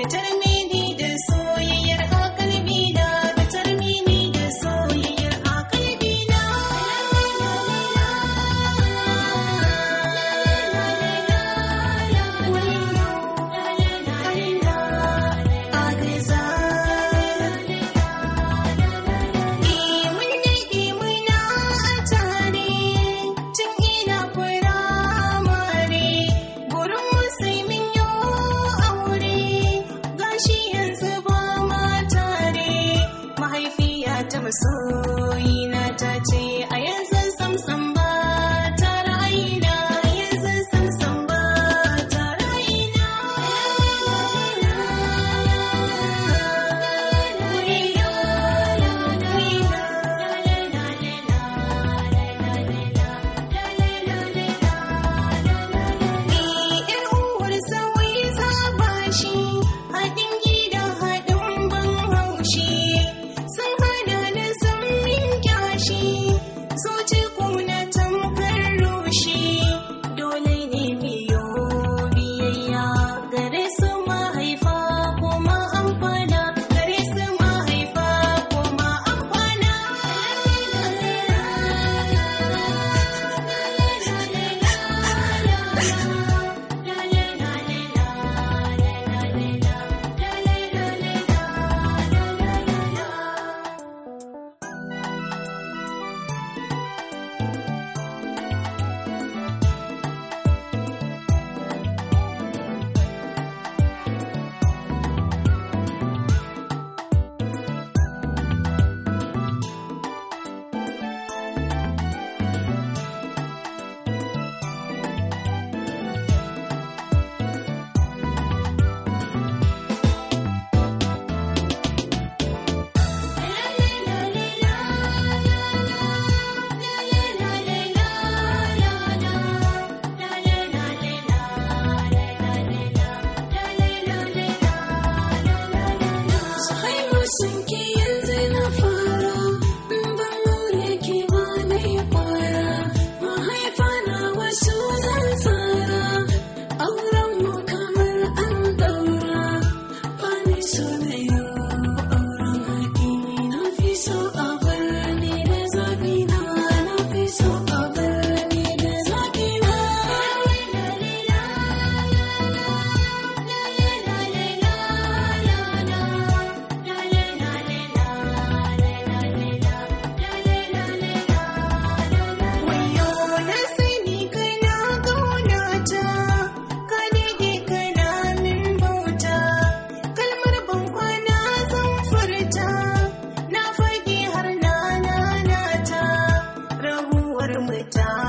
you're telling me masoyina ta ce We we're done.